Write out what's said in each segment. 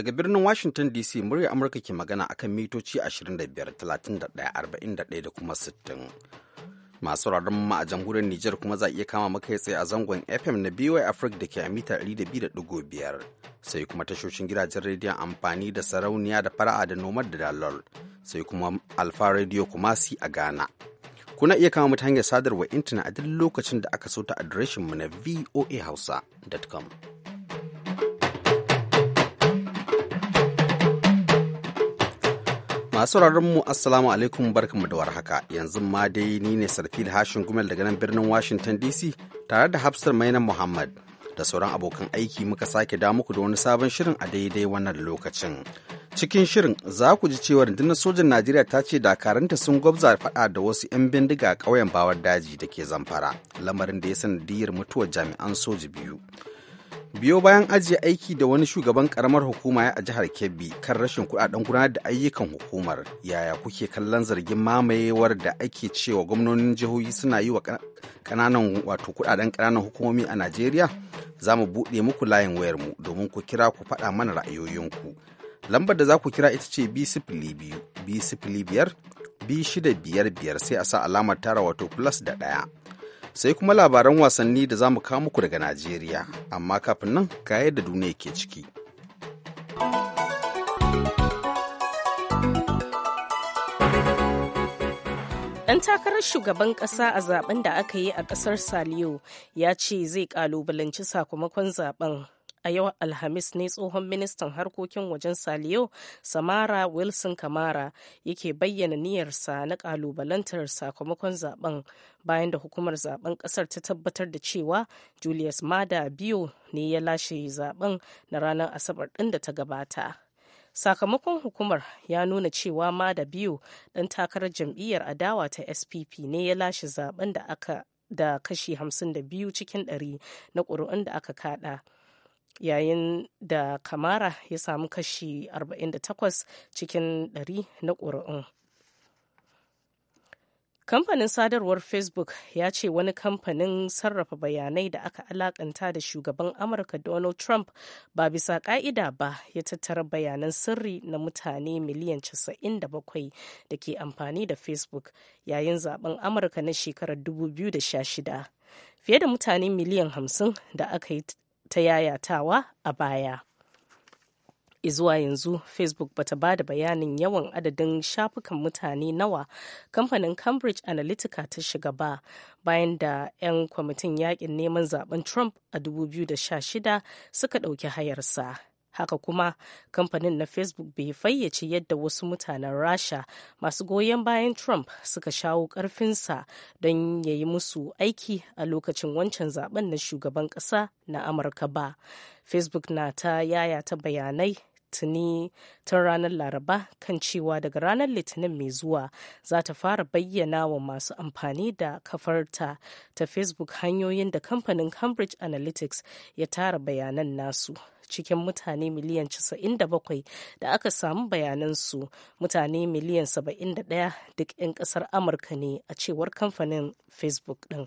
Daga birnin Washington DC murya Amurka ke magana akan mitoci 25, 31, 41 da kuma 60. masu sauraron mu a jamhuriyar Nijar kuma za a iya kama maka tsaye a zangon FM na BY Africa da ke a mita 200.5 sai kuma tashoshin gidajen rediyon amfani da sarauniya da fara'a da nomad da dalol sai kuma Alfa Radio Kumasi a Ghana. Kuna iya kama mutane hanyar sadarwar intanet a duk lokacin da aka so ta adireshin mu na voahausa.com. Masu mu Assalamu alaikum barkanmu da warhaka yanzu ma dai ni ne Sarfil Hashin Gumel daga nan birnin Washington DC tare da Hafsar Mainan Muhammad da sauran abokan aiki muka sake da muku da wani sabon shirin a daidai wannan lokacin. Cikin shirin za ku ji cewa rundunar sojan Najeriya ta ce dakaranta sun gwabza faɗa da wasu 'yan bindiga a ƙauyen Bawar Daji da ke Zamfara, lamarin da ya sanadiyar mutuwar jami'an soja biyu. biyo bayan ajiye aiki da wani shugaban karamar hukuma ya a jihar kebbi kan rashin kudaden gudanar da ayyukan hukumar yaya kuke kallon zargin mamayewar da ake cewa gwamnonin jihohi suna yi wa kananan wato kudaden kananan hukumomi a najeriya za mu buɗe muku layin wayarmu domin ku kira ku faɗa mana ra'ayoyinku lambar da za ku kira ita ce b b b biyar biyar sai a sa alamar tara wato plus da ɗaya sai kuma labaran wasanni da za mu kawo muku daga Najeriya, amma kafin nan ga yadda duniya ke ciki. Ɗan takarar shugaban ƙasa a zaben da aka yi a ƙasar Saliyo ya ce zai ƙalubalanci sakamakon zaben. a yau alhamis ne tsohon ministan harkokin wajen saliyo samara wilson kamara yake bayyana niyyarsa na kalubalantar sakamakon zaben bayan da hukumar zaben kasar ta tabbatar da cewa julius mada biyu ne ya lashe zaben na ranar asabar din da ta gabata sakamakon hukumar ya nuna cewa mada biyu dan takarar jam'iyyar adawa ta spp ne ya lashe zaben da aka da kashi 52 cikin 100 na ƙuri'un da aka kada yayin da kamara ya samu kashi 48 cikin 100 na ƙuri'un. Kamfanin sadarwar Facebook ya ce wani kamfanin sarrafa bayanai da aka alakanta da shugaban Amurka Donald Trump ba bisa ka'ida ba ya tattara bayanan sirri na mutane miliyan 97 da ke amfani da Facebook yayin zaben Amurka na shekarar 2016. Fiye da mutane miliyan 50 da aka yi ta yayatawa a baya izuwa yanzu facebook bata ba da bayanin yawan adadin shafukan mutane nawa kamfanin cambridge analytica ta shiga ba bayan da 'yan kwamitin yakin neman zaben trump a 2016 suka ɗauki hayarsa haka kuma kamfanin na facebook bai fayyace yadda wasu mutanen rasha masu goyon bayan trump suka shawo karfinsa don ya yi musu aiki a lokacin wancan zaben na shugaban kasa na amurka ba facebook na ta yaya ta bayanai tuni tun ranar laraba kan cewa daga ranar litinin mai zuwa za ta fara bayyana wa masu amfani da kafarta ta facebook hanyoyin da kamfanin cambridge analytics ya tara bayanan nasu cikin mutane miliyan 97 da aka samu bayanan su mutane miliyan 71 duk 'yan kasar amurka ne a cewar kamfanin facebook din.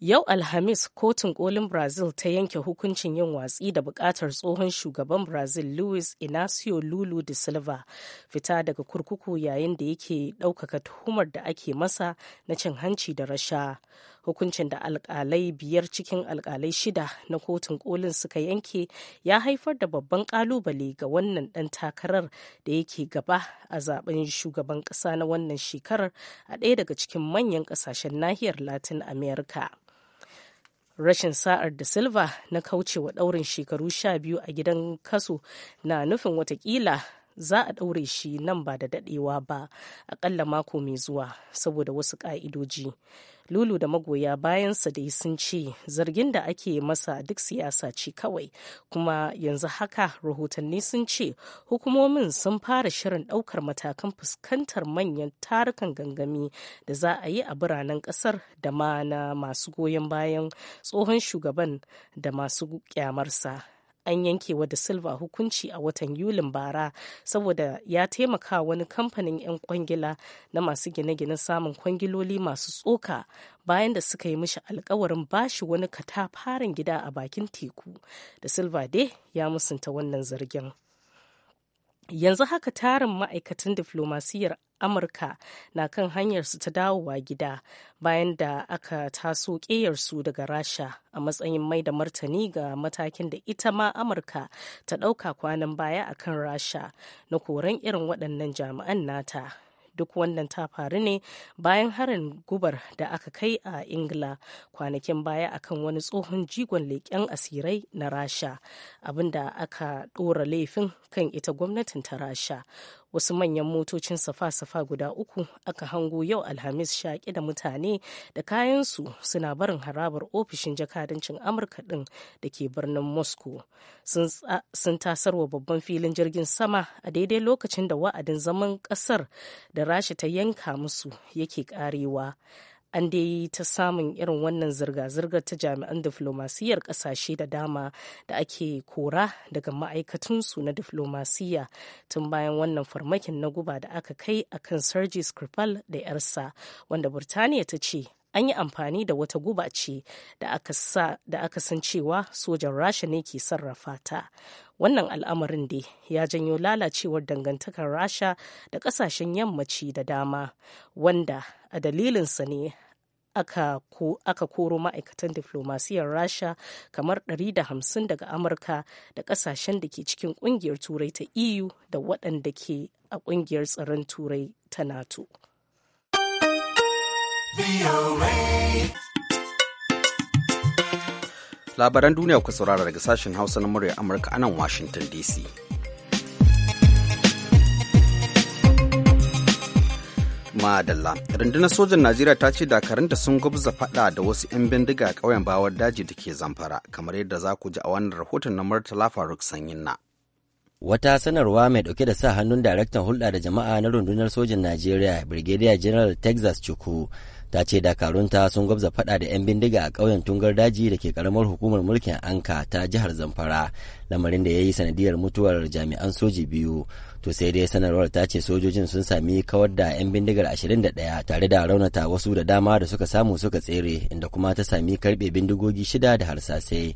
Yau Alhamis kotun kolin Brazil ta yanke hukuncin yin watsi da bukatar tsohon shugaban Brazil Luis Inacio Lulu de Silva fita daga kurkuku yayin da yake ɗaukaka tuhumar da ake masa na cin hanci da rasha. hukuncin da alkalai biyar cikin alkalai shida na kotun kolin suka yanke ya haifar da babban kalubale ga wannan dan takarar da yake gaba a zaben shugaban kasa na wannan shekarar a ɗaya daga cikin manyan kasashen nahiyar latin america rashin sa'ar da silva na kaucewa daurin shekaru sha biyu a gidan kaso na nufin watakila za a daure shi nan ba da dadewa ba aƙalla mako mai zuwa saboda wasu ka'idoji. lulu da magoya bayansa dai sun ce zargin da ake masa duk siyasa ce kawai kuma yanzu haka rahotanni sun ce hukumomin sun fara shirin daukar matakan fuskantar manyan tarukan gangami da za a yi a biranen kasar da ma na masu goyon bayan tsohon shugaban da masu kyamarsa an yanke wa da silva hukunci a watan yulin bara saboda ya taimaka wani kamfanin 'yan kwangila na masu gine gine samun kwangiloli masu tsoka bayan da suka yi mishi alkawarin bashi wani katafaren gida a bakin teku da silva dai ya musunta wannan zargin yanzu haka tarin ma'aikatan diflomasiyyar amurka na kan hanyarsu ta dawowa gida bayan da aka taso ƙeyarsu daga rasha a matsayin mai da martani ga matakin da ita ma amurka ta ɗauka kwanan baya a kan rasha na koran irin waɗannan jami'an nata duk wannan ta faru ne bayan harin gubar da aka kai a ingila kwanakin baya akan wani tsohon jigon leƙen asirai na rasha abinda aka ɗora laifin kan ita gwamnatin ta rasha wasu manyan motocin safa-safa guda uku aka hango yau alhamis shaƙi da mutane da kayansu suna barin harabar ofishin jakadancin amurka ɗin da ke birnin moscow sun tasarwa babban filin jirgin sama a daidai lokacin da wa'adin zaman ƙasar da rasha ta yanka musu yake ƙarewa an dai ta samun irin wannan zirga-zirgar ta jami'an diflomasiyyar kasashe da dama da ake kora daga ma'aikatunsu na diflomasiyya tun bayan wannan farmakin na guba da aka kai a kan Sergei Skripal da 'yarsa wanda Burtaniya ta ce an yi amfani da wata guba ce da aka san cewa sojan rasha ne ke sarrafa ta wannan al'amarin dai ya janyo lalacewar dangantakar rasha da kasashen yammaci da dama wanda a dalilinsa ne aka koro ma'aikatan diflomasiyyar rasha kamar 150 daga amurka da kasashen da ke cikin kungiyar turai ta eu da waɗanda ke a kungiyar tsaron turai ta nato labaran duniya kuka saurara daga sashen hausa na murya amurka anan washington dc dalla Rundunar sojan Najeriya ta ce dakaranta sun gwabza fada da wasu 'yan bindiga a ƙauyen bawar daji da ke zamfara, kamar yadda za ku ji a wannan rahoton na Murtala Faruk Sanyinna. Wata sanarwa mai ɗauke da sa hannun daraktan hulɗa da jama'a na rundunar sojan Najeriya, Brigadier General Texas Chukwu, ta ce dakarunta sun gwabza fada da 'yan bindiga a ƙauyen tungar daji da ke karamar hukumar mulkin anka ta jihar zamfara lamarin da ya yi sanadiyar mutuwar jami'an soji biyu to sai dai sanarwar ta ce sojojin sun sami kawar da 'yan bindigar 21 tare da raunata wasu da dama da suka samu suka tsere inda kuma ta sami karbe bindigogi shida da harsasai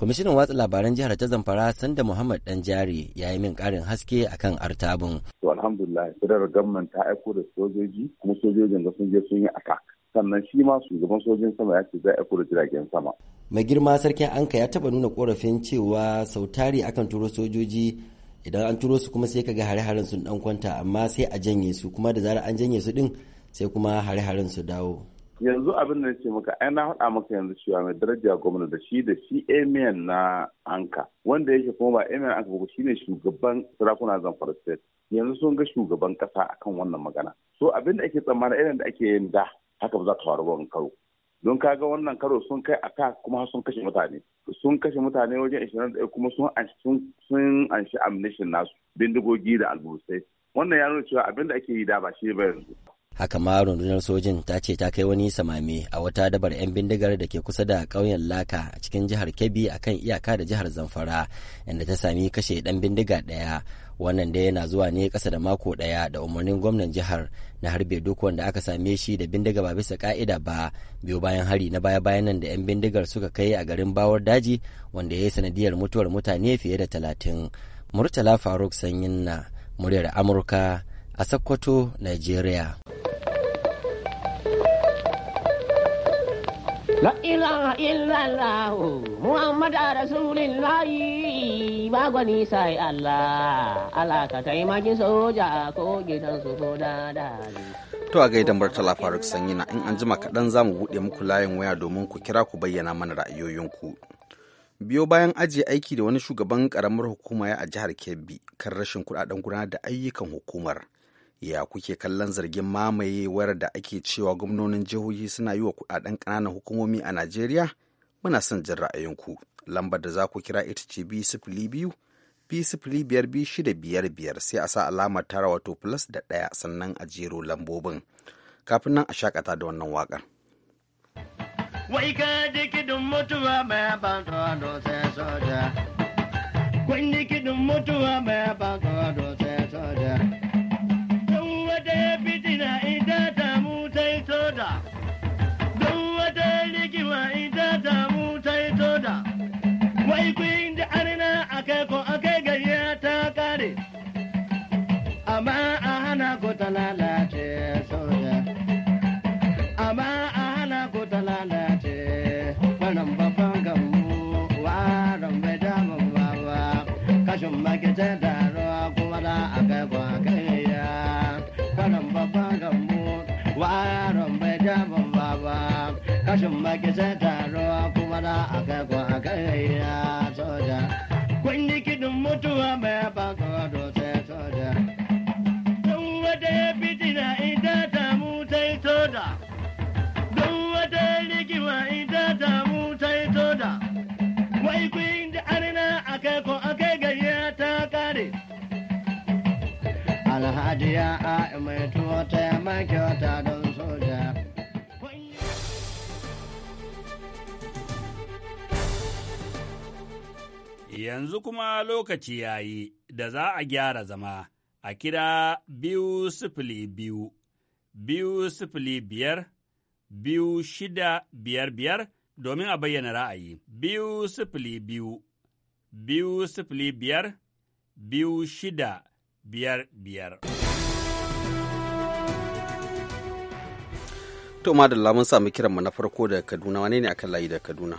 kwamishinan watsa labaran jihar ta zamfara sanda muhammad dan jari ya yi min karin haske akan artabun to alhamdulillah federal gamman ta aiko da sojoji kuma sojojin da sun je sun yi attack sannan shi ma su shugaban sojin sama ya ce za a aiko da jiragen sama mai girma sarkin anka ya taba nuna korafin cewa sautari akan turo sojoji idan an turo su kuma sai kaga hare-haren sun dan kwanta amma sai a janye su kuma da zarar an janye su din sai kuma hare-haren su dawo yanzu abin da ce maka ai na faɗa maka yanzu cewa mai daraja gwamna da shi da shi emiyan na anka wanda yake kuma ba emiyan anka ba shine shugaban sarakuna zamfara state yanzu sun ga shugaban kasa akan wannan magana so abin da ake tsammanin irin da ake yin da haka ba za ta faru ba karo don kaga wannan karo sun kai a kuma sun kashe mutane sun kashe mutane wajen 21 kuma sun anshi amnishin nasu bindigogi da alburusai wannan ya nuna cewa abin da ake yi da ba shi ba yanzu haka ma rundunar sojin ta ce ta kai wani samame a wata dabar 'yan bindigar da ke kusa da ƙauyen laka a cikin jihar kebbi akan iyaka da jihar zamfara inda ta sami kashe ɗan bindiga ɗaya wannan da yana zuwa ne kasa da mako daya da umarnin gwamnan jihar na harbe duk wanda aka same shi da bindiga ba bisa ka'ida ba biyo bayan hari na baya bayan nan da 'yan bindigar suka kai a garin bawar daji wanda ya yi sanadiyar mutuwar mutane fiye da talatin murtala faruk sanyin na muryar amurka a sokoto nigeria La ilaha illallah Muhammad Rasulullah ba gwani sai Allah Allah ka taimakin soja ko gidan su ko To a gaidan murtala Faruk Sanyina in an jima kaɗan za mu buɗe muku layin waya domin ku kira ku bayyana mana ra'ayoyinku. Biyo bayan ajiye aiki da wani shugaban ƙaramar hukuma ya a jihar Kebbi kan rashin kuɗaɗen gudanar da ayyukan hukumar. ya kuke kallon zargin mamayewar da ake cewa gwamnonin jihohi suna yi wa kudaden ƙananan hukumomi a najeriya muna son jin ra'ayinku lambar da za ku kira ita ce b sifili biyu b sifili biyar b shida biyar biyar sai a sa alamar tara wato plus da ɗaya sannan a jero lambobin kafin nan a shakata da wannan waƙar. wai ka dikidin mutuwa mai sai soja mutuwa mai sai soja fitina ita ta mu tai soda don wata rigima ita ta mu tai soda wai kun ji arna akai ko akai gariya ta kare amma a hana ko ta lalace kisa taruwa kuma da aka kwa aka ya soja kun yi kidin mutuwa mai baka dose soja don wata ya fitina ita ta mu sai soja don wata rigima ita ta mu sai soja wai kun da arna aka kwa aka gayya ta kare alhaji ya a mai tuwa ta ya maki wata yanzu kuma lokaci ya yi da za a gyara zama a kira biyu sifili biyu, biyu sifili biyar, biyu shida biyar biyar domin a bayyana ra'ayi. Biyu sifili biyu, biyu sifili biyar, biyu shida biyar biyar. To, madalla mun sami kiranmu na farko da Kaduna, wane ne akan layi da Kaduna?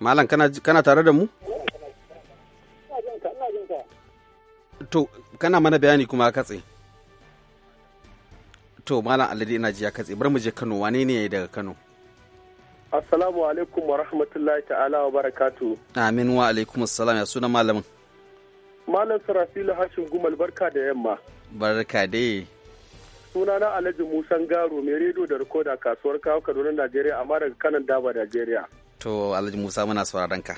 Malam kana tare da mu? To, kana mana bayani kuma katse. To, Malam Alade ina ji ya katse, bar mu je Kano, wane ne daga Kano? Assalamu alaikum wa rahmatullahi ta'ala wa barakatu. Amin wa alaikum assalam ya suna malamin. Malam Sarafilu Hashim Gumal barka da yamma. Barka dai. Sunana Alhaji Musan Garo mai rediyo da rikoda kasuwar kawo Kaduna Najeriya amma daga kanan daba Najeriya. to alhaji musa muna sauraron ka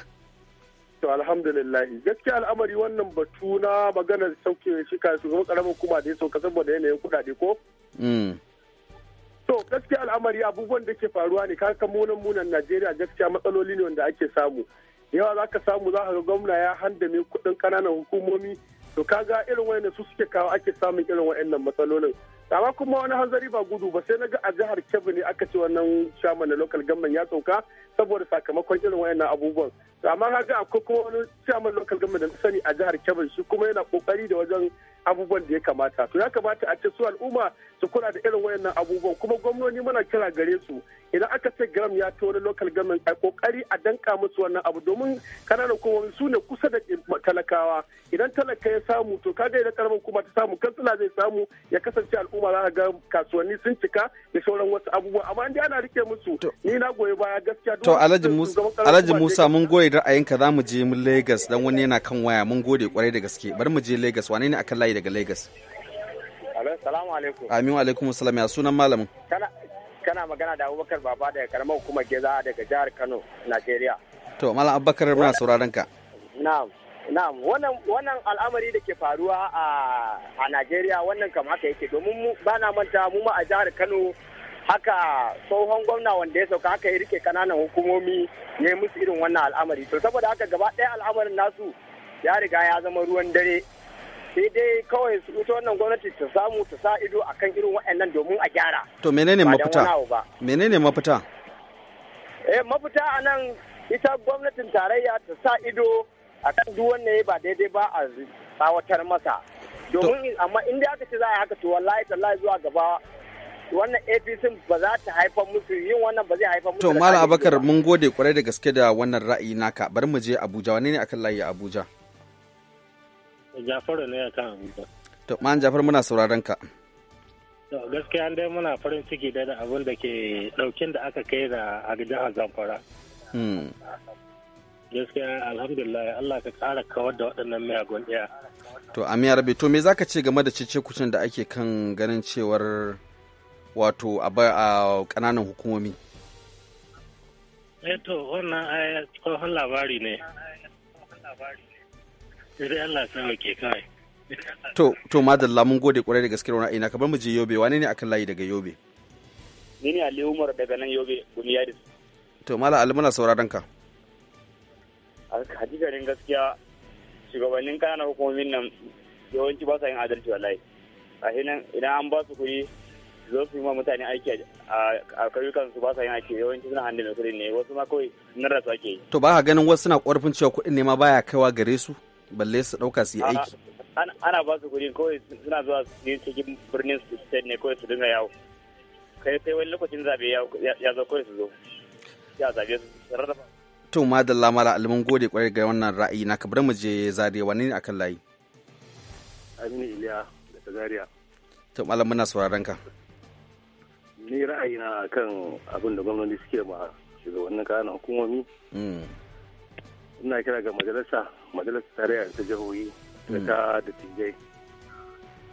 to alhamdulillah gaskiya al'amari wannan batu na maganar sauke shi ka shugaban karamin kuma da ya sauka saboda yanayin kudade ko mm. to gaskiya al'amari abubuwan da ke faruwa ne kaka munan munan najeriya gaskiya matsaloli ne wanda ake samu yawa za ka samu za ka ga gwamna ya handame kudin kananan hukumomi to kaga irin wayannan su suke kawo ake samun irin wayannan matsalolin amma kuma wani hanzari ba gudu ba sai na ga a jihar kebbi ne aka ce wannan shaman na local government ya sauka saboda sakamakon irin wayannan abubuwan amma haka akwai kuma wani chairman local government da sani a jihar Kebbi shi kuma yana kokari da wajen abubuwan da ya kamata to ya kamata a ce su al'umma su kula da irin wayan abubuwan kuma gwamnoni muna kira gare su idan aka ce gram ya ta wani local government a kokari a danka musu wannan abu domin kananan kuma su ne kusa da talakawa idan talaka ya samu to kaga idan karamin kuma ta samu kansila zai samu ya kasance al'umma za ga kasuwanni sun cika da sauran wasu abubuwa amma in ana rike musu ni na goyi baya gaskiya duk To Alhaji Musa mun goyi ra'ayinka za mu je mun Lagos dan wani yana kan waya mun gode kwarai da gaske bari mu je Lagos wane ne akan layi daga Lagos? Assalamu alaikum. Amin wa alaikum salam ya sunan malamin. Kana magana da Abubakar Baba daga karamar hukumar Geza daga jihar Kano, Najeriya. To Malam Abubakar muna sauraron ka. Na'am. Na'am, wannan al'amari da ke faruwa a Najeriya wannan kam haka yake domin mu ba na manta mu ma a jihar Kano haka tsohon gwamna wanda ya sauka haka ya rike kananan hukumomi ya yi musu irin wannan al'amari to saboda haka gaba ɗaya al'amarin nasu ya riga ya zama ruwan dare sai dai kawai su ita wannan gwamnati ta samu ta sa ido akan irin waɗannan domin a gyara to menene mafita menene mafita eh mafita a nan ita gwamnatin tarayya ta sa ido akan duk wanda ya ba daidai ba a tsawatar masa domin amma inda aka ce za a haka to wallahi tallahi zuwa gaba wannan apc ba za ta haifar musu yin wannan ba zai haifar musu to malam abakar mun gode kwarai da gaske da wannan ra'ayi naka bari mu je abuja wane ne akan layi abuja jafaru ne akan abuja to man jafar muna sauraron ka gaskiya dai muna farin ciki da abin da ke daukin da aka kai da a jihar zamfara hmm. gaskiya alhamdulillah allah ka kara kawar da waɗannan miyagun ɗaya to amiya rabe to me zaka ce game da cece kucin da ake kan ganin cewar wato a kananan hukumomi eto eh, wannan eh, tsohon labari ne sai Allah ke kawai to to madalla mun gode kwarai da gaske wannan ina bar mu je yobe wane ne akan layi daga yobe ni ne Ali Umar daga nan yobe Gumiyadis to mallam Ali muna sauraron ka hakikanin gaskiya shugabannin kananan hukumomin nan yawanci ba sa yin adalci wallahi a idan an ba su kuɗi su zo su yi ma mutane aiki a kauyukan su ba sa yin aiki yawanci suna handin kuɗin ne wasu ma kawai nan rasu ake yi. To ba ka ganin wasu suna ƙorafin cewa kuɗin ne ma baya kaiwa gare su balle su ɗauka su yi aiki. Ana ba su kuɗi kawai suna zuwa su yi cikin birnin state ne kawai su dinga yawo. Kai sai wani lokacin zaɓe ya zo kawai su zo. Ya zaɓe su rarraba. To madalla lamara alimin gode kwarai ga wannan ra'ayi na kabar mu je zariya wani ne akan layi. Aminu Iliya da Tagariya. To malam muna sauraron ka. ni ra'ayina kan abin da gwamnati suke ma shugabannin kanan hukumomi mm. ina kira ga majalisa majalisa tarayya ta jihohi da mm. ta dattijai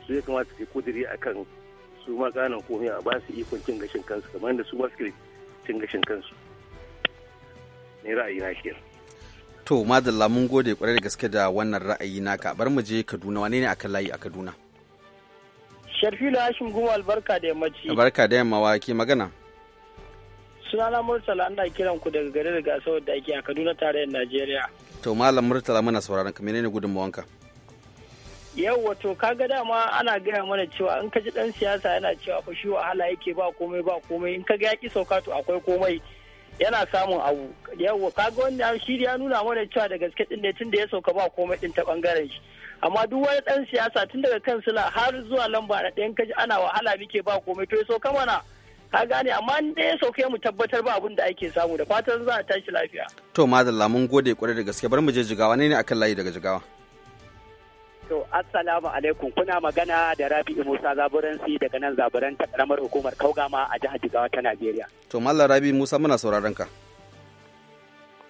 su ya kamata su kudiri a kan su ma kanan hukumomi a ba su ikon cin gashin kansu kamar yadda su ba su cin gashin kansu ni ra'ayina ke to madalla mun gode kwarai da gaske da wannan ra'ayi naka bar mu je kaduna wane ne akan layi a kaduna Sharfilu Hashim Guma albarka da yammaci. Albarka da yamma wa ke magana. Sunana Murtala ana kiran ku daga garin asawar da ake a Kaduna tarayyar Najeriya. To Malam Murtala muna sauraron ka menene gudunmawanka? Yau wato ka ga dama ana gaya mana cewa in ka ji dan siyasa yana cewa fa shi wahala yake ba komai ba komai in ka ga yaki sauka to akwai komai yana samun abu yawa kaga wannan shi ya nuna mana cewa da gaske din ne tun da ya sauka ba komai din ta bangaren shi amma duk wani dan siyasa tun daga kan sula har zuwa lamba na ɗayan kaji ana wahala muke ba komai to ya sauka mana ka gane amma in dai ya sauke mu tabbatar ba abin da ake samu da fatan za a tashi lafiya to madalla mun gode kwarai da gaske bar mu je jigawa ne ne akan layi daga jigawa To assalamu alaikum kuna magana da Rabi Musa Zaburansi daga nan Zaburan ƙaramar karamar hukumar Kaugama a jihar Jigawa ta Najeriya. To Mallam Rabi Musa muna sauraron ka.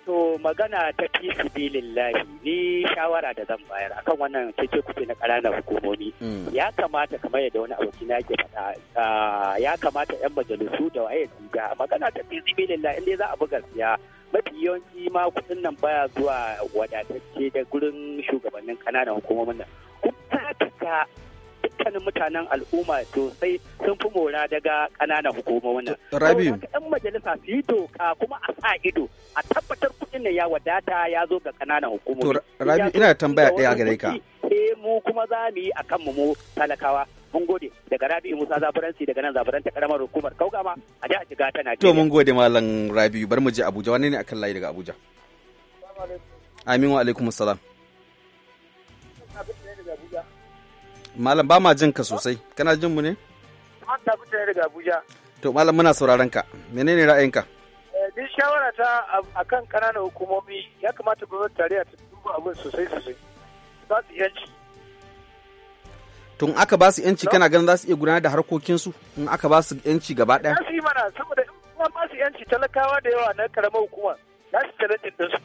To magana ta fi ni shawara da zan bayar akan wannan cece kuce na ƙananan hukumomi. Hmm. Ya kamata kamar yadda wani aboki na ke faɗa ya kamata 'yan majalisu da waye ga magana ta fi sabilillahi inda za a bi gaskiya mafi yawanci ma kuɗin nan baya zuwa wadatacce da gurin shugabannin ƙananan hukumomin nan. Kuma dukkanin mutanen al'umma sosai sun fi mora daga ƙananan hukumomin nan. Rabi. Yan majalisa su yi doka kuma a sa ido a wannan ya wadata ya zo ga kananan hukumomi. Rabi ina tambaya ɗaya gare ka. Eh mu kuma za mu yi a kanmu mu talakawa. Mun gode daga Rabi Musa Zafaransi daga nan Zafaran ta karamar hukumar Kaugama a jihar shiga ta Najeriya. To mun gode Malam Rabi bar mu je Abuja wani ne akan layi daga Abuja. Amin wa alaikum salam. Malam ba ma jin ka sosai kana jin mu ne? ta fita Daga Abuja. To malam muna sauraron ka menene ra'ayinka? ni shawara ta a kan kananan hukumomi ya kamata gwamnati tarayya ta duba abin sosai sosai ba su yanci tun aka ba su yanci kana ganin za su iya gudanar da harkokinsu in aka ba su yanci gaba ɗaya. Za su yi mana saboda in kuma ba su yanci talakawa da yawa na karamar hukuma za su talentin ɗinsu.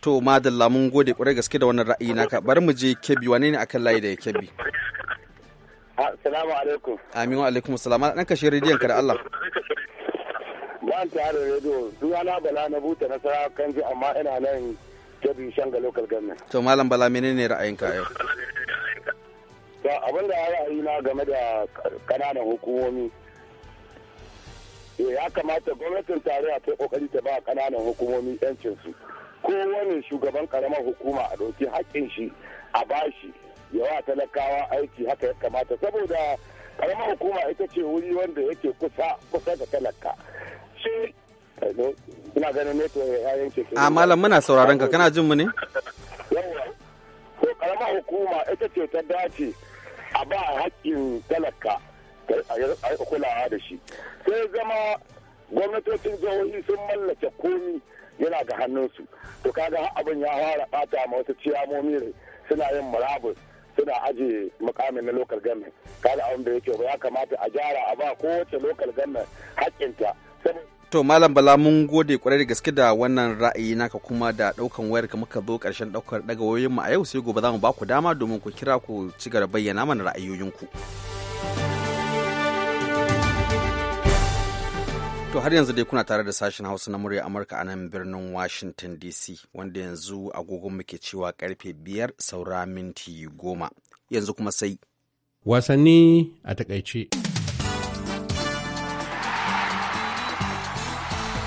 To madalla mun gode kwarai gaske da wannan ra'ayi naka bari mu je kebi wane ne akan layi da ya kebi. Assalamu alaikum. Amin wa alaikum salam. Ɗan kashe rediyon ka da Allah. jama'an tare rediyo ana bala na buta nasara kan ji amma ina nan jabi shanga local government to malam bala menene ra'ayinka yau to abin da ra'ayi na game da kananan hukumomi eh, ya kamata gwamnatin tarayya ta kokari ta ba kananan hukumomi yancin su kowane shugaban karamar hukuma a doki haƙƙin shi a bashi yawa talakawa aiki haka ya kamata saboda karamar hukuma ita ce wuri wanda yake kusa kusa da talaka takaice ina ganin neto ya yanke a malam muna sauraron ka kana jin mu ne ko karama hukuma ita ce ta dace a ba haƙƙin talaka a yi kulawa da shi sai zama gwamnatocin jihohi sun mallake komi yana ga hannunsu to kaga abin ya fara bata ma wasu ciyamomi suna yin murabus suna aje mukamin na local government kaga abin da yake ba ya kamata a gyara a ba kowace local government haƙƙinta To Malam Bala mun gode kwarai da gaske da wannan ra'ayi naka kuma da ɗaukan wayar ka muka zo ƙarshen ɗaukar wayoyin wayoyinmu a yau sai gobe za mu ba ku dama domin ku kira ku ci gaba bayyana mana ra'ayoyinku. To har yanzu dai kuna tare da sashen Hausa na murya Amurka a nan birnin Washington DC wanda yanzu agogon muke cewa karfe biyar saura minti goma. Yanzu kuma sai. Wasanni a takaice.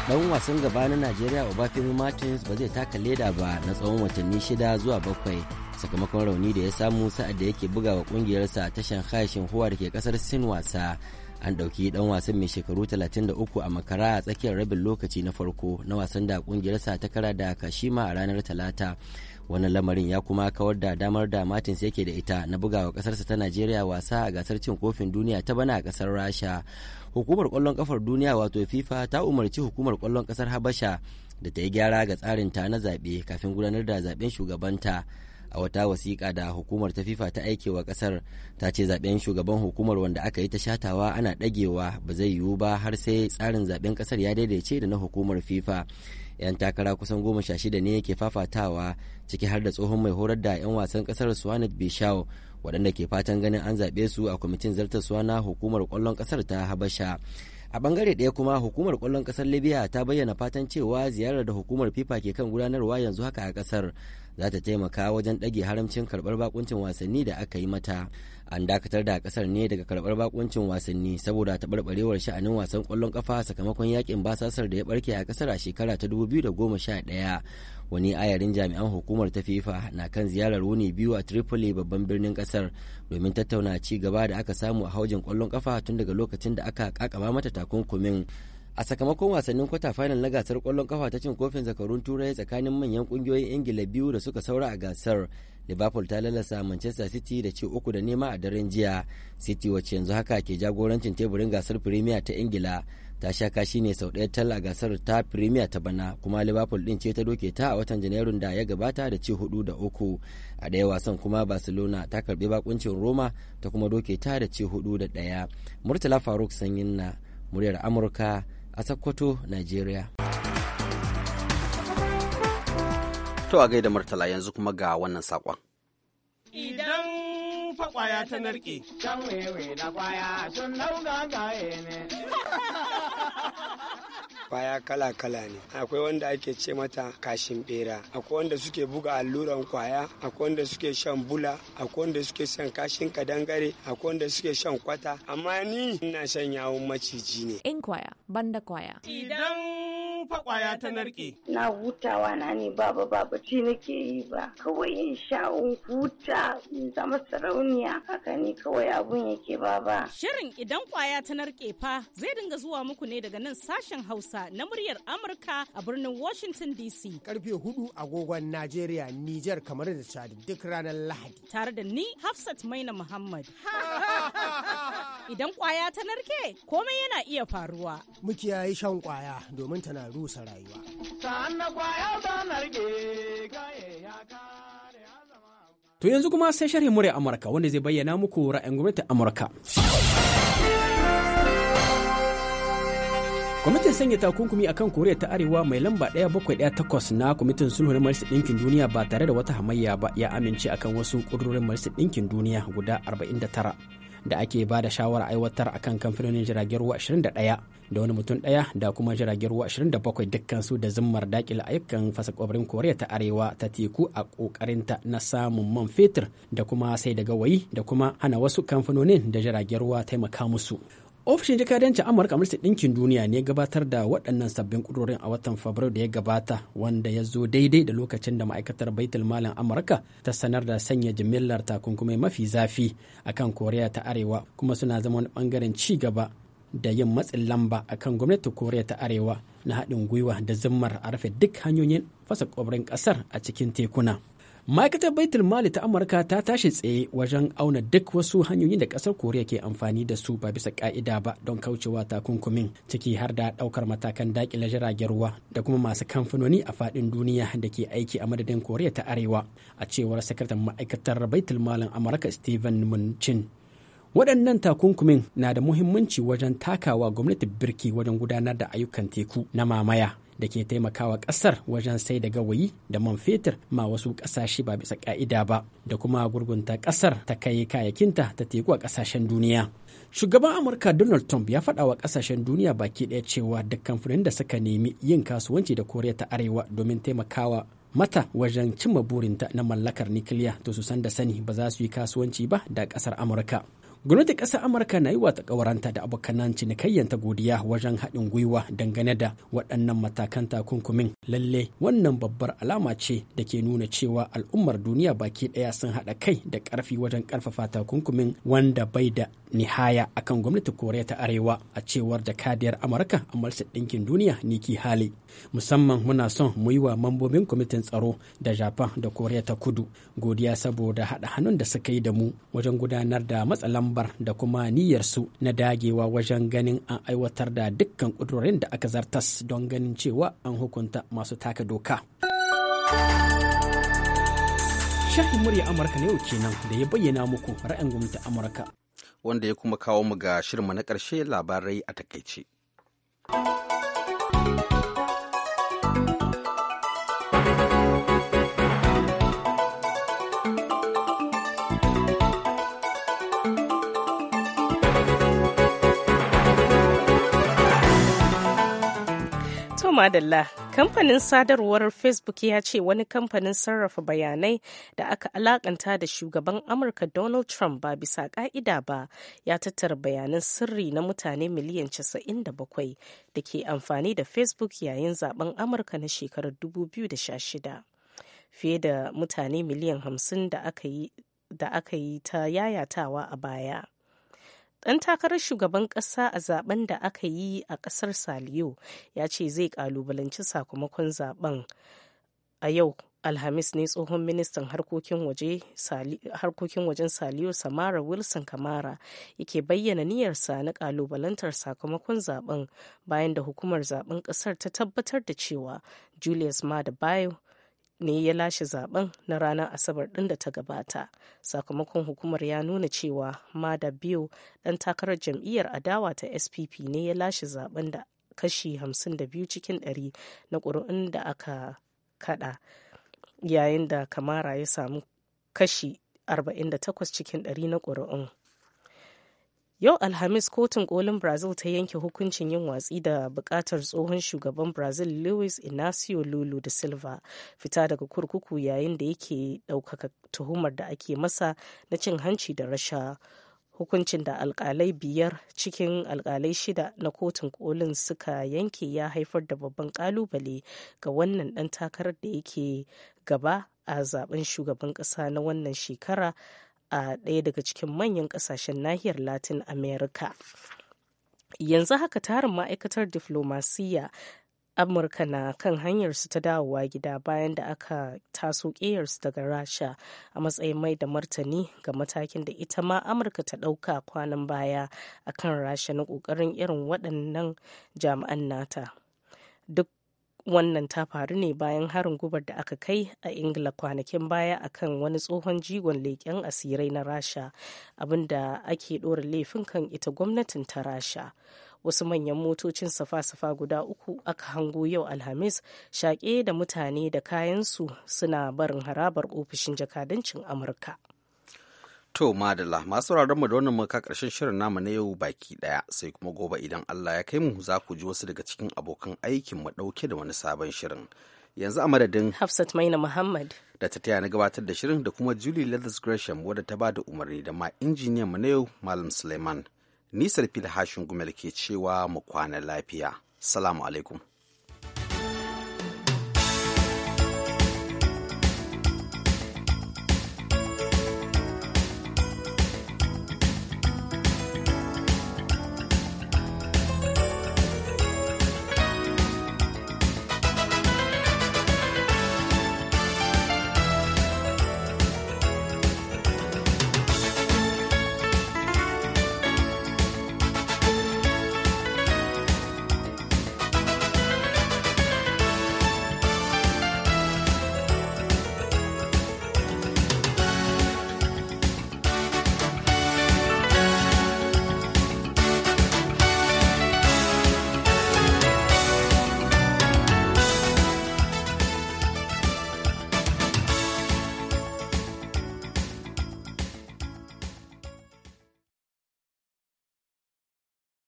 dan wasan gaba na najeriya obafemi martins ba zai taka leda ba na tsawon watanni shida zuwa bakwai sakamakon rauni da ya samu sa'ad da yake buga wa kungiyarsa ta shanghai shinhua da ke kasar sin wasa an ɗauki ɗan wasan mai shekaru 33 a makara a tsakiyar rabin lokaci na farko na wasan da kungiyarsa ta kara da kashima a ranar talata wannan lamarin ya kuma kawar da damar da martins yake da ita na bugawa kasarsa ta nigeria wasa a gasar cin kofin duniya ta bana a kasar rasha hukumar kwallon kafar duniya wato fifa ta umarci hukumar kwallon kasar habasha da ta yi gyara ga tsarin ta na zaɓe kafin gudanar da zaɓen shugabanta a wata wasiƙa da hukumar ta fifa ta aike wa kasar ta ce zaɓen shugaban hukumar wanda aka yi ta shatawa ana ɗagewa ba zai yiwu ba har sai tsarin zaɓen kasar ya daidaice da na hukumar fifa 'yan takara kusan goma sha shida ne ke fafatawa ciki har da tsohon mai horar da 'yan wasan kasar swanet bishau waɗanda ke fatan ganin an zaɓe su a kwamitin zartaswa na hukumar kwallon ƙasar ta habasha a bangare ɗaya kuma hukumar kwallon ƙasar libya ta bayyana fatan cewa ziyarar da hukumar fifa ke kan gudanarwa yanzu haka a ƙasar za ta taimaka wajen ɗage haramcin karɓar bakuncin wasanni da aka yi mata an dakatar da kasar ne daga karbar bakuncin wasanni saboda taɓarɓarewar sha'anin wasan ƙwallon ƙafa sakamakon yakin basasar da ya barke a kasar a shekara ta 2011 wani ayarin jami'an hukumar ta fifa na kan ziyarar wuni biyu a tripoli babban birnin kasar domin tattauna ci gaba da aka samu a haujin kwallon kafa tun daga lokacin da aka kakaba mata takunkumin a sakamakon wasannin kwata final na gasar kwallon kafa ta cin kofin zakarun turai tsakanin manyan kungiyoyin ingila biyu da suka saura a gasar liverpool ta lalasa manchester city da ci uku da nema a daren jiya city wacce yanzu haka ke jagorancin teburin gasar premier ta ingila ta sha kashi ne sau ɗaya tala gasar ta premier ta bana kuma liverpool ɗin ce ta doke ta a watan janairun da ya gabata da ci hudu da uku a ɗaya wasan kuma barcelona ta karɓi bakuncin roma ta kuma doke ta da ci hudu da ɗaya murtala faruk sanyin na muryar amurka a sokoto nigeria To a gaida Murtala yanzu kuma ga wannan saƙon. Idan faƙwaya ta narke. Can wewe na ƙwaya sun nauga gaye ne. kwaya kala-kala ne akwai wanda ake ce mata kashin bera akwai wanda suke buga alluran kwaya akwai wanda suke shan bula akwai wanda suke shan kashin kadangare akwai wanda suke shan kwata amma ni ina shan yawon maciji ne in kwaya banda kwaya idan fa kwaya ta narke. Na hutawa na ne baba baba ce nake yi ba. Kawai yin sha'un huta in zama sarauniya haka ne kawai abun yake baba. Shirin idan kwaya ta narke fa zai dinga zuwa muku ne daga nan sashen Hausa na muryar Amurka a birnin Washington DC. Karfe hudu agogon Najeriya, Nijar kamar da Chad duk ranar Lahadi. Tare da ni Hafsat Maina Muhammad. Idan kwaya ta narke komai yana iya faruwa. yi shan kwaya domin tana rusa rayuwa. To yanzu kuma sai sharhi murya Amurka wanda zai bayyana muku ra'ayin gwamnatin Amurka. Kwamitin sanya takunkumi akan Koriya ta Arewa mai lamba 1718 na Kwamitin Sulhu na Majalisar Ɗinkin Duniya ba tare da wata hamayya ba ya amince akan wasu ƙudurorin Majalisar Ɗinkin Duniya guda 49. da ake ba da shawarar aiwatar akan kamfanonin jiragen ruwa 21 da wani mutum daya da kuma jiragen ruwa 27 dukkansu da zimmar dakila ayyukan fasa kwabarin koriya ta arewa ta teku a kokarinta na samun man fetur da kuma sai da gawayi da kuma hana wasu kamfanonin da jiragen ruwa taimaka musu ofishin jakadancin amurka majalisar ɗinkin duniya ne gabatar da waɗannan sabbin ƙudurorin a watan fabrairu da ya gabata wanda ya zo daidai da lokacin da ma'aikatar baitul malam amurka ta sanar da sanya jimillar takunkumai mafi zafi a kan koriya ta arewa kuma suna zama wani ɓangaren ci gaba da yin matsin lamba a kan gwamnatin koriya ta arewa na haɗin gwiwa da zimmar a rufe duk hanyoyin fasa ƙwabrin ƙasar a cikin tekuna ma'aikatar baitul mali ta amurka ta tashi tsaye wajen auna duk wasu hanyoyin da kasar koriya ke amfani da su ba bisa ka'ida ba don kaucewa takunkumin ciki har da ɗaukar matakan dakile jiragen ruwa da kuma masu kamfanoni a fadin duniya da ke aiki a madadin koriya ta arewa a cewar sakataren ma'aikatar baitul malin amurka steven munchin waɗannan takunkumin na da muhimmanci wajen takawa gwamnati birki wajen gudanar da ayyukan teku na mamaya da ke taimakawa kasar wajen sai da gawayi da man fetur ma wasu kasashe ba bisa ka'ida ba da kuma gurgunta kasar ta kai kayakinta ta teku a kasashen duniya. Shugaban Amurka Donald Trump ya faɗa wa ƙasashen duniya baki ɗaya cewa duk kamfanin da suka nemi yin kasuwanci da Koriya ta Arewa domin taimakawa mata wajen cimma burinta na mallakar nikiliya to su san da sani ba za su yi kasuwanci ba da ƙasar Amurka. gwamnatin ƙasar amurka na yi wata ƙawaranta da abokanan cinikayyanta godiya wajen haɗin gwiwa dangane da waɗannan matakan takunkumin lalle wannan babbar alama ce da ke nuna cewa al'ummar duniya baki ɗaya sun haɗa kai da ƙarfi wajen ƙarfafa takunkumin wanda bai da nihaya akan gwamnatin koriya ta arewa a cewar jakadiyar amurka a malsa ɗinkin duniya niki hali musamman muna son mu yi wa mambobin kwamitin tsaro da japan da koriya ta kudu godiya saboda haɗa hannun da suka yi da mu wajen gudanar da matsa lambar da kuma niyyarsu na dagewa wajen ganin an aiwatar da dukkan ƙudurorin da aka zartas don ganin cewa an hukunta masu taka doka. Shahin murya Amurka na yau kenan da ya bayyana muku ra'ayin gwamnatin Amurka. wanda ya kuma kawo mu ga shirinmu na ƙarshe labarai a takaice. madalla kamfanin sadarwar facebook ya ce wani kamfanin sarrafa bayanai da aka alakanta da shugaban amurka donald trump ba bisa ka'ida ba ya tattara bayanan sirri na mutane miliyan 97 da ke amfani da facebook yayin zaben amurka na shekarar 2016 fiye da mutane miliyan 50 da aka yi ta yayatawa a baya Ɗan takarar shugaban ƙasa a zaben da aka yi a ƙasar Saliyo ya ce zai ƙalubalanci sakamakon zaben a yau alhamis ne tsohon ministan harkokin wajen saliyo samara wilson kamara yake bayyana niyyarsa na kalubalantar sakamakon zaben bayan da hukumar zaben kasar ta tabbatar da cewa julius mada bayo ne ya lashe zaben na ranar asabar ɗin da ta gabata sakamakon hukumar ya nuna cewa mada biyu ɗan takarar jam'iyyar adawa ta spp ne ya lashe zaben da kashi 52 cikin 100 na ƙuri'un da aka kada yayin da kamara ya samu kashi 48 cikin 100 na ƙuri'un Yau Alhamis kotun kolin Brazil ta yanke hukuncin yin watsi da bukatar tsohon shugaban Brazil Luis Inacio lulu da Silva fita daga kurkuku yayin da yake daukaka tuhumar da ake masa na cin hanci da rasha. Hukuncin da alkalai biyar cikin alkalai shida na kotun kolin suka yanke ya haifar da babban kalubale ga wannan dan takarar da yake gaba a zaben shugaban kasa na wannan shekara a ɗaya daga cikin manyan ƙasashen nahiyar latin america yanzu haka tarin ma'aikatar diflomasiyya amurka na kan hanyarsu ta dawowa gida bayan da aka taso ƙeyarsu daga rasha a matsayin mai da martani ga matakin da ita ma amurka ta ɗauka kwanan baya a kan rasha na ƙoƙarin irin waɗannan jami'an nata duk wannan ta faru ne bayan harin gubar da aka kai a ingila kwanakin baya akan wani tsohon jigon leƙen asirai na rasha abinda ake ɗora laifin kan ita gwamnatin ta rasha wasu manyan motocin safa-safa guda uku aka hango yau alhamis shaƙe da mutane da kayansu suna barin harabar ofishin jakadancin amurka To madalla masu mu da wannan muka karshen shirin namu na yau baki daya sai kuma gobe idan Allah ya kai mu za ku ji wasu daga cikin abokan aikin mu dauke da wani sabon shirin. Yanzu a madadin Hafsat Maina Muhammad da ta taya na gabatar da shirin da kuma Julie Leathers Gresham wadda ta bada umarni da ma injiniyan mu na yau Malam Suleiman. Nisar fil hashin gumel ke cewa mu kwana lafiya. Salamu alaikum.